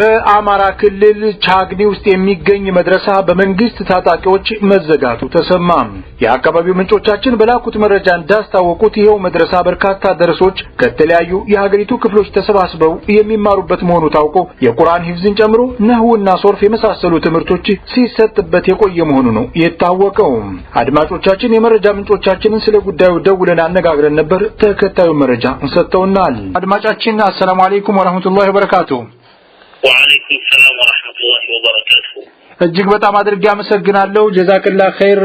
በአማራ ክልል ቻግኒ ውስጥ የሚገኝ መድረሳ በመንግስት ታጣቂዎች መዘጋቱ ተሰማ። የአካባቢው ምንጮቻችን በላኩት መረጃ እንዳስታወቁት ይኸው መድረሳ በርካታ ደረሶች ከተለያዩ የሀገሪቱ ክፍሎች ተሰባስበው የሚማሩበት መሆኑ ታውቆ የቁርአን ሂፍዝን ጨምሮ ነህውና ሶርፍ የመሳሰሉ ትምህርቶች ሲሰጥበት የቆየ መሆኑ ነው የታወቀው። አድማጮቻችን፣ የመረጃ ምንጮቻችንን ስለ ጉዳዩ ደውለን አነጋግረን ነበር። ተከታዩን መረጃ ሰጥተውናል። አድማጫችን፣ አሰላሙ አለይኩም ወረህመቱላሂ ወበረካቱሁ ወአለይኩም ሰላም ወራህመቱላሂ እጅግ በጣም አድርጌ አመሰግናለሁ። ጀዛክላ ኸይር።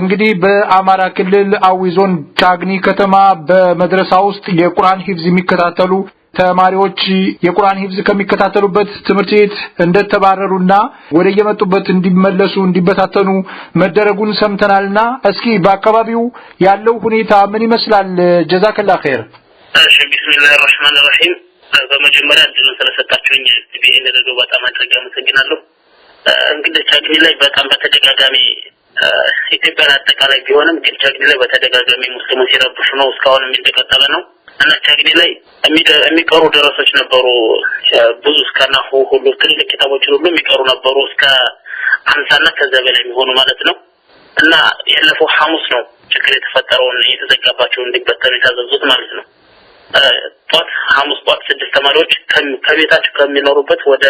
እንግዲህ በአማራ ክልል አዊ ዞን ጃግኒ ከተማ በመድረሳ ውስጥ የቁርአን ሂፍዝ የሚከታተሉ ተማሪዎች የቁርአን ሂፍዝ ከሚከታተሉበት ትምህርት ቤት እንደተባረሩና ወደ የመጡበት እንዲመለሱ እንዲበታተኑ መደረጉን ሰምተናልና እስኪ በአካባቢው ያለው ሁኔታ ምን ይመስላል? ጀዛክላ ኸይር። እሺ ቢስሚላሂ ረህማን ረሂም በመጀመሪያ እድሉን ስለሰጣችሁኝ ቢኤን ሬዲዮ በጣም አድርጌ አመሰግናለሁ። እንግዲህ ቻግኒ ላይ በጣም በተደጋጋሚ ኢትዮጵያን አጠቃላይ ቢሆንም ግን ቻግኒ ላይ በተደጋጋሚ ሙስሊሙ ሲረብሹ ነው እስካሁን እንደቀጠለ ነው እና ቻግኒ ላይ የሚቀሩ ደረሶች ነበሩ። ብዙ እስከና ሁሉ ትልቅ ኪታቦችን ሁሉ የሚቀሩ ነበሩ እስከ አምሳና ከዛ በላይ የሚሆኑ ማለት ነው እና ያለፈው ሐሙስ ነው ችግር የተፈጠረውን የተዘጋባቸው እንዲበተኑ የታዘዙት ማለት ነው። ጧት ሐሙስ ጧት ስድስት ተማሪዎች ከቤታቸው ከሚኖሩበት ወደ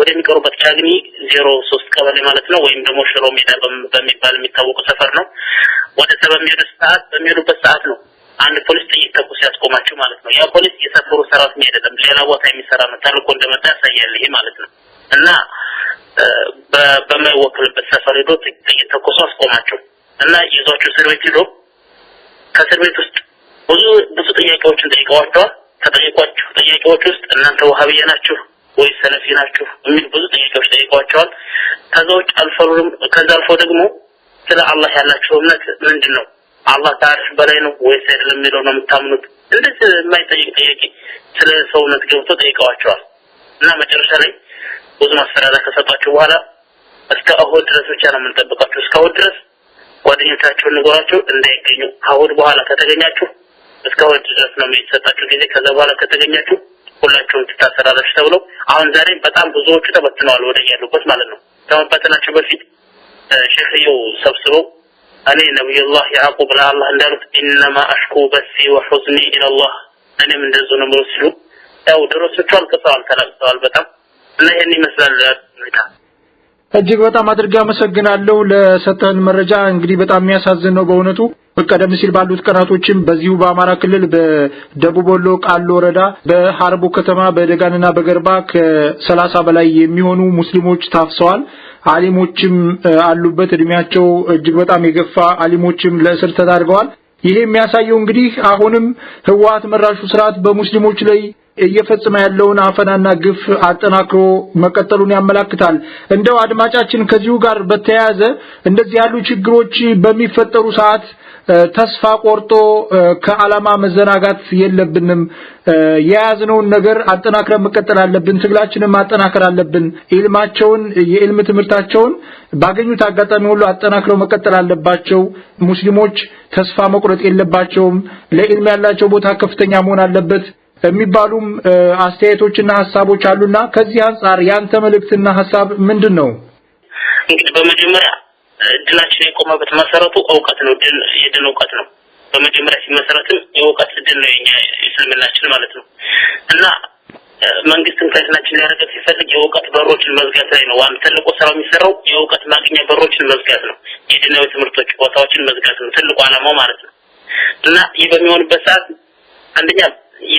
ወደሚቀሩበት ቻግኒ ዜሮ ሶስት ቀበሌ ማለት ነው ወይም ደግሞ ሽሮ ሜዳ በሚባል የሚታወቁ ሰፈር ነው። ሰ በሚሄዱ ሰዓት በሚሄዱበት ሰዓት ነው አንድ ፖሊስ ጥይት ተኩስ ያስቆማቸው ማለት ነው። ያ ፖሊስ የሰፈሩ ሰራተኛ አይደለም፣ ሌላ ቦታ የሚሰራ ነው። ተልኮ እንደመጣ ያሳያል ይሄ ማለት ነው። እና በማይወክልበት ሰፈር ሄዶ ጥይት ተኩሶ አስቆማቸው እና ይዟቸው እስር ቤት ሄዶ ከእስር ቤት ውስጥ ብዙ ብዙ ጥያቄዎችን ጠይቀዋቸዋል። ከጠየቋቸው ጥያቄዎች ውስጥ እናንተ ወሃቢያ ናችሁ ወይስ ሰለፊ ናችሁ የሚል ብዙ ጥያቄዎች ጠይቀዋቸዋል። ከዛ ውጭ አልፈሩም። ከዛ አልፎ ደግሞ ስለ አላህ ያላችሁ እምነት ምንድን ነው? አላህ ከአርሽ በላይ ነው ወይስ አይደለም የሚለው ነው የምታምኑት? እንደዚህ የማይጠይቅ ጥያቄ ስለ ሰውነት ገብቶ ጠይቀዋቸዋል። እና መጨረሻ ላይ ብዙ ማስፈራሪያ ከሰጧችሁ በኋላ እስከ እሁድ ድረስ ብቻ ነው የምንጠብቃችሁ። እስከ እሁድ ድረስ ጓደኞቻቸውን ንገሯቸው እንዳይገኙ። ከእሁድ በኋላ ከተገኛችሁ እስከ ድረስ ነው የሚሰጣችሁ ጊዜ። ከዛ በኋላ ከተገኛችሁ ሁላችሁም ትታሰራላችሁ ተብለው አሁን ዛሬ በጣም ብዙዎቹ ተበትነዋል ወደ ያሉበት ማለት ነው። ከመበተናቸው በፊት ሼኽየው ሰብስበው እኔ ነብዩላህ ያዕቁብ ለአላህ እንዳሉት ኢነማ አሽኩ በሲ ወሑዝኒ ኢለላህ እኔም እንደዙ ነው ብሎ ሲሉ ያው ደሮሶቹ አልቅሰዋል፣ ተላቅሰዋል በጣም እና ይህን ይመስላል ሁኔታ። እጅግ በጣም አድርጌ አመሰግናለሁ ለሰጠህን መረጃ። እንግዲህ በጣም የሚያሳዝን ነው በእውነቱ። ቀደም ሲል ባሉት ቀናቶችም በዚሁ በአማራ ክልል በደቡብ ወሎ ቃሉ ወረዳ በሐርቡ ከተማ በደጋንና በገርባ ከሰላሳ በላይ የሚሆኑ ሙስሊሞች ታፍሰዋል። አሊሞችም አሉበት። እድሜያቸው እጅግ በጣም የገፋ አሊሞችም ለእስር ተዳርገዋል። ይሄ የሚያሳየው እንግዲህ አሁንም ህወሓት መራሹ ስርዓት በሙስሊሞች ላይ እየፈጸመ ያለውን አፈናና ግፍ አጠናክሮ መቀጠሉን ያመላክታል። እንደው አድማጫችን ከዚሁ ጋር በተያያዘ እንደዚህ ያሉ ችግሮች በሚፈጠሩ ሰዓት ተስፋ ቆርጦ ከዓላማ መዘናጋት የለብንም። የያዝነውን ነገር አጠናክረን መቀጠል አለብን። ትግላችንን ማጠናከር አለብን። ኢልማቸውን የኢልም ትምህርታቸውን ባገኙት አጋጣሚ ሁሉ አጠናክረው መቀጠል አለባቸው። ሙስሊሞች ተስፋ መቁረጥ የለባቸውም። ለኢልም ያላቸው ቦታ ከፍተኛ መሆን አለበት የሚባሉም አስተያየቶችና ሀሳቦች አሉና ከዚህ አንጻር ያንተ መልእክትና ሀሳብ ምንድን ነው? እንግዲህ በመጀመሪያ ድላችን የቆመበት መሰረቱ እውቀት ነው። የድል እውቀት ነው። በመጀመሪያ ሲመሰረትም የእውቀት ድል ነው የኛ እስልምናችን ማለት ነው እና መንግስትን ከእስናችን ሊያደርገት ሲፈልግ የእውቀት በሮችን መዝጋት ላይ ነው። ዋን ትልቁ ስራው የሚሰራው የእውቀት ማግኛ በሮችን መዝጋት ነው። የድናዊ ትምህርቶች ቦታዎችን መዝጋት ነው ትልቁ አላማው ማለት ነው እና ይህ በሚሆንበት ሰዓት አንደኛ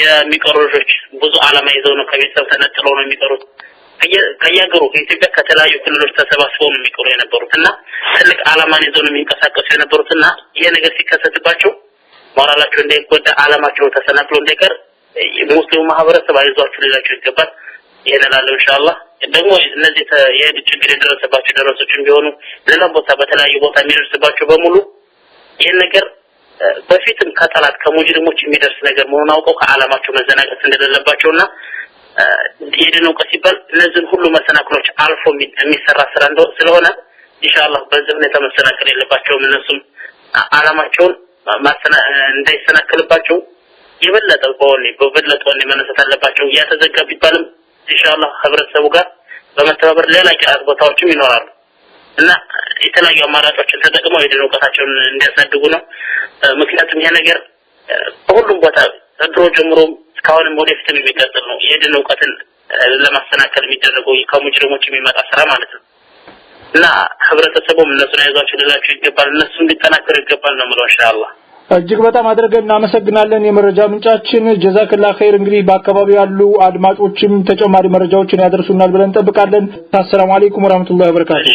የሚቀሩ ልጆች ብዙ አላማ ይዘው ነው ከቤተሰብ ተነጥለው ነው የሚቀሩት። ከየሀገሩ ከኢትዮጵያ ከተለያዩ ክልሎች ተሰባስበው ነው የሚቀሩ የነበሩት እና ትልቅ አላማን ይዘው ነው የሚንቀሳቀሱ የነበሩት እና ይሄ ነገር ሲከሰትባቸው ሞራላቸው እንዳይጎዳ አላማቸው ተሰናክሎ እንዳይቀር ሙስሊሙ ማህበረሰብ አይዟችሁ ሌላቸው ይገባል። ይሄን እላለሁ። ኢንሻአላህ ደግሞ እነዚህ የሄድ ችግር የደረሰባቸው ደረሶችን ቢሆኑ ሌላ ቦታ በተለያዩ ቦታ የሚደርስባቸው በሙሉ ይህን ነገር በፊትም ከጠላት ከሙጅሪሞች የሚደርስ ነገር መሆኑን አውቀው ከዓላማቸው መዘናቀት እንደሌለባቸውና የድን እውቀት ሲባል እነዚህን ሁሉ መሰናክሎች አልፎ የሚሰራ ስራ ስለሆነ ኢንሻአላህ በዚህ ሁኔታ መሰናከል የለባቸውም። እነሱም አላማቸውን እንዳይሰናከልባቸው የበለጠ በወኔ በበለጠ ወኔ መነሳት አለባቸው። ያተዘጋ ቢባልም ኢንሻአላህ ህብረተሰቡ ጋር በመተባበር ሌላ ቂራት ቦታዎችም ይኖራሉ እና የተለያዩ አማራጮችን ተጠቅመው የድን እውቀታቸውን እንዲያሳድጉ ነው። ምክንያቱም ይሄ ነገር በሁሉም ቦታ ድሮ ጀምሮ እስካሁንም ወደፊትም የሚቀጥል ነው። የድን እውቀትን ለማሰናከል የሚደረገው ከሙጅሪሞች የሚመጣ ስራ ማለት ነው እና ህብረተሰቡም እነሱን አይዟቸው ልላቸው ይገባል። እነሱ እንዲጠናከር ይገባል ነው የምለው ኢንሻአላህ። እጅግ በጣም አድርገን እናመሰግናለን የመረጃ ምንጫችን ጀዛክላ ኸይር። እንግዲህ በአካባቢው ያሉ አድማጮችም ተጨማሪ መረጃዎችን ያደርሱናል ብለን እንጠብቃለን። አሰላሙ አለይኩም ወራህመቱላሂ ወበረካቱ።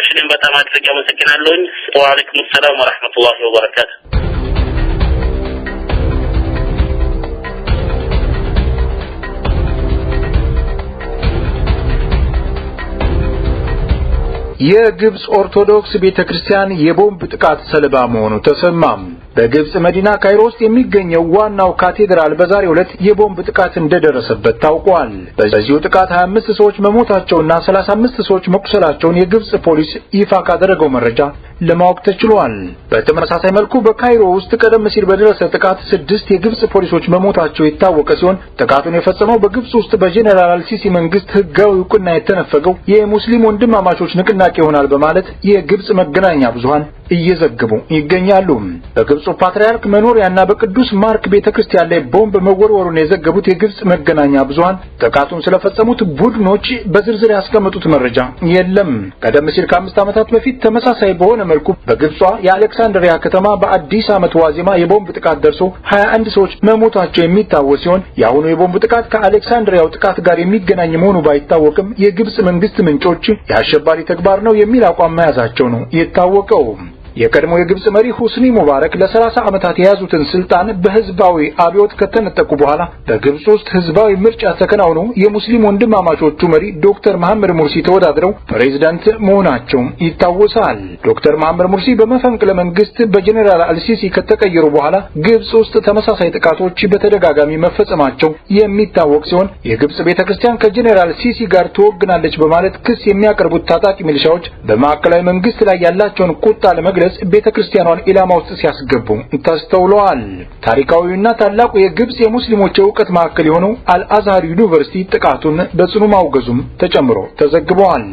እሺ፣ በጣም አድርጌ አመሰግናለሁኝ። ወአለይኩም ሰላም ወራህመቱላሂ ወበረካቱ። የግብጽ ኦርቶዶክስ ቤተክርስቲያን የቦምብ ጥቃት ሰለባ መሆኑ ተሰማም። በግብጽ መዲና ካይሮ ውስጥ የሚገኘው ዋናው ካቴድራል በዛሬው ዕለት የቦምብ ጥቃት እንደደረሰበት ታውቋል። በዚሁ ጥቃት 25 ሰዎች መሞታቸውና 35 ሰዎች መቁሰላቸውን የግብጽ ፖሊስ ይፋ ካደረገው መረጃ ለማወቅ ተችሏል። በተመሳሳይ መልኩ በካይሮ ውስጥ ቀደም ሲል በደረሰ ጥቃት ስድስት የግብጽ ፖሊሶች መሞታቸው የታወቀ ሲሆን ጥቃቱን የፈጸመው በግብጽ ውስጥ በጄኔራል አልሲሲ መንግስት ህጋዊ እውቅና የተነፈገው የሙስሊም ወንድማማቾች ንቅናቄ ይሆናል በማለት የግብጽ መገናኛ ብዙሃን እየዘገቡ ይገኛሉ። በግብጹ ፓትርያርክ መኖሪያና በቅዱስ ማርክ ቤተክርስቲያን ላይ ቦምብ መወርወሩን የዘገቡት የግብጽ መገናኛ ብዙሃን ጥቃቱን ስለፈጸሙት ቡድኖች በዝርዝር ያስቀመጡት መረጃ የለም። ቀደም ሲል ከአምስት ዓመታት በፊት ተመሳሳይ በሆነ መልኩ በግብጿ የአሌክሳንድሪያ ከተማ በአዲስ ዓመት ዋዜማ የቦምብ ጥቃት ደርሶ 21 ሰዎች መሞታቸው የሚታወስ ሲሆን የአሁኑ የቦምብ ጥቃት ከአሌክሳንድሪያው ጥቃት ጋር የሚገናኝ መሆኑ ባይታወቅም የግብጽ መንግስት ምንጮች የአሸባሪ ተግባር ነው የሚል አቋም መያዛቸው ነው የታወቀው። የቀድሞ የግብጽ መሪ ሁስኒ ሙባረክ ለ30 ዓመታት የያዙትን ስልጣን በህዝባዊ አብዮት ከተነጠቁ በኋላ በግብጽ ውስጥ ህዝባዊ ምርጫ ተከናውኖ የሙስሊም ወንድማማቾቹ መሪ ዶክተር መሐመድ ሙርሲ ተወዳድረው ፕሬዝዳንት መሆናቸው ይታወሳል። ዶክተር መሐመድ ሙርሲ በመፈንቅለ መንግስት በጀኔራል አልሲሲ ከተቀየሩ በኋላ ግብጽ ውስጥ ተመሳሳይ ጥቃቶች በተደጋጋሚ መፈጸማቸው የሚታወቅ ሲሆን የግብጽ ቤተክርስቲያን ከጀኔራል ሲሲ ጋር ትወግናለች በማለት ክስ የሚያቀርቡት ታጣቂ ሚሊሻዎች በማዕከላዊ መንግስት ላይ ያላቸውን ቁጣ ለመግለጽ በመግለጽ ቤተ ክርስቲያኗን ኢላማ ውስጥ ሲያስገቡም ተስተውለዋል። ታሪካዊውና ታላቁ የግብፅ የሙስሊሞች የእውቀት ማዕከል የሆነው አልአዛር ዩኒቨርሲቲ ጥቃቱን በጽኑ ማውገዙም ተጨምሮ ተዘግበዋል።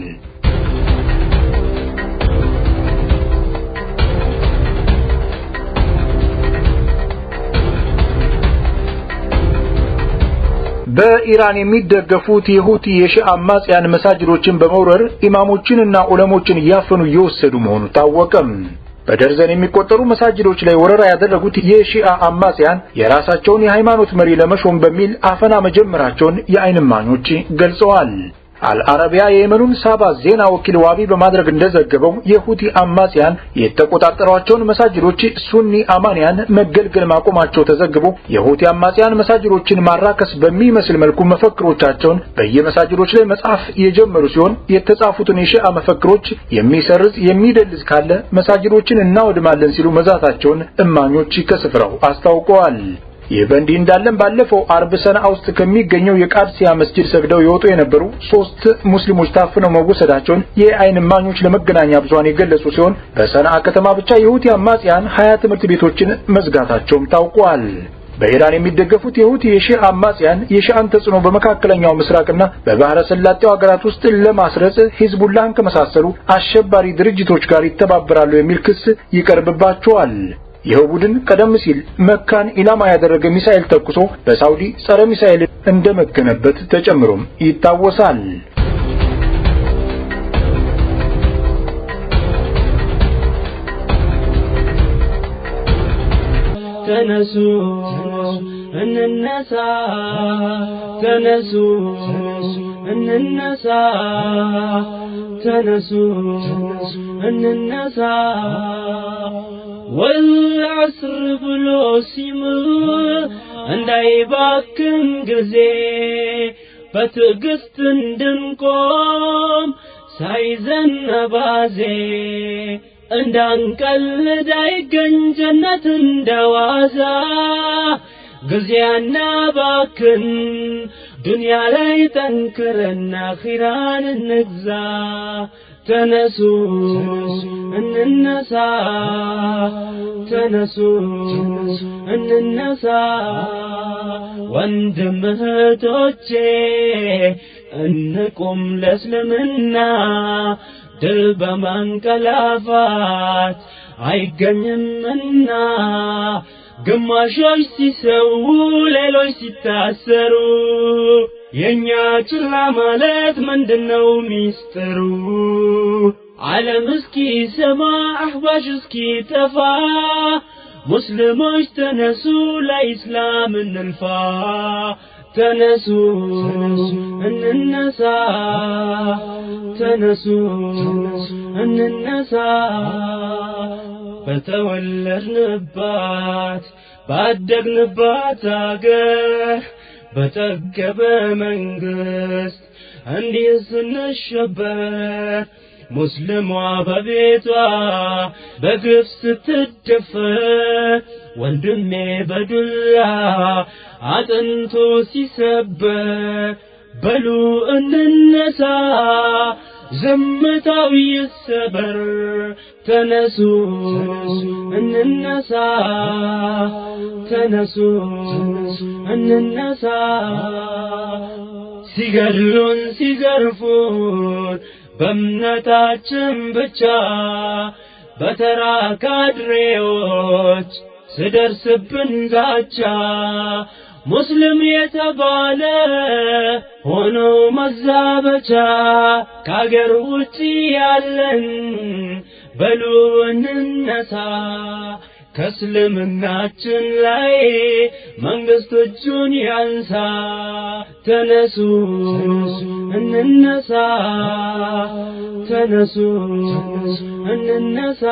በኢራን የሚደገፉት የሁቲ የሺአ አማጽያን መሳጅዶችን በመውረር ኢማሞችንና ዑለሞችን እያፈኑ እየወሰዱ መሆኑ ታወቀም። በደርዘን የሚቆጠሩ መሳጅዶች ላይ ወረራ ያደረጉት የሺአ አማጽያን የራሳቸውን የሃይማኖት መሪ ለመሾም በሚል አፈና መጀመራቸውን የአይንማኞች ገልጸዋል። አልአረቢያ የየመኑን ሳባ ዜና ወኪል ዋቢ በማድረግ እንደዘገበው የሁቲ አማጽያን የተቆጣጠሯቸውን መሳጅዶች ሱኒ አማንያን መገልገል ማቆማቸው ተዘግቦ የሁቲ አማጽያን መሳጅዶችን ማራከስ በሚመስል መልኩ መፈክሮቻቸውን በየመሳጅዶች ላይ መጻፍ የጀመሩ ሲሆን የተጻፉትን የሺአ መፈክሮች የሚሰርዝ የሚደልዝ ካለ መሳጅዶችን እናወድማለን ሲሉ መዛታቸውን እማኞች ከስፍራው አስታውቀዋል። ይህ በእንዲህ እንዳለን ባለፈው አርብ ሰና ውስጥ ከሚገኘው የቃድሲያ መስጂድ ሰግደው የወጡ የነበሩ ሶስት ሙስሊሞች ታፍነው መወሰዳቸውን የአይን ማኞች ለመገናኛ ብዙሃን የገለጹ ሲሆን በሰነአ ከተማ ብቻ የሁቲ አማጽያን ሀያ ትምህርት ቤቶችን መዝጋታቸውም ታውቋል። በኢራን የሚደገፉት የሁቲ የሺ አማጽያን የሺአን ተጽዕኖ በመካከለኛው ምስራቅና በባህረ ሰላጤው ሀገራት ውስጥ ለማስረጽ ሂዝቡላህን ከመሳሰሉ አሸባሪ ድርጅቶች ጋር ይተባበራሉ የሚል ክስ ይቀርብባቸዋል። ይኸው ቡድን ቀደም ሲል መካን ኢላማ ያደረገ ሚሳኤል ተኩሶ በሳውዲ ጸረ ሚሳኤል እንደመከነበት ተጨምሮም ይታወሳል። ተነሱ እንነሳ፣ ተነሱ እንነሳ፣ ተነሱ እንነሳ ወልዐስር ብሎ እንዳይ እንዳይባክን ጊዜ በትዕግስት እንድንቆም ሳይዘን አባዜ እንዳንቀልድ አይገኝ ጀነት እንደዋዛ ጊዜ አናባክን ዱንያ ላይ ጠንክረን ኺራን እንግዛ ተነሱ እንነሳ ተነሱ እንነሳ ወንድም እህቶቼ እንቁም ለእስልምና ድል በማንቀላፋት አይገኝምና ግማሾች ሲሰው ሌሎች ሲታሰሩ የእኛ ችላ ማለት ምንድነው ሚስጥሩ? ዓለም እስኪ ሰማ አህባሽ እስኪ ጠፋ ሙስሊሞች ተነሱ ለኢስላም እንልፋ ተነሱ እንነሳ ተነሱ እንነሳ በተወለድንባት ባደግንባት አገር በጠገበ መንግስት እንዲህ ስንሸበር ሙስልሟ በቤቷ በግፍ ስትደፈር ወንድሜ በዱላ አጥንቶ ሲሰበር በሉ እንነሳ ዝምታው ይሰበር ተነሱ እንነሳ ተነሱ እንነሳ ሲገድሉን ሲገርፉን በእምነታችን ብቻ በተራ ካድሬዎች ስደርስብን ዛቻ ሙስሊም የተባለ ሆኖ መዛበቻ ከአገር ውጭ ያለን በሉ እንነሳ ከእስልምናችን ላይ መንግስት እጁን ያንሳ። ተነሱ እንነሳ፣ ተነሱ እንነሳ።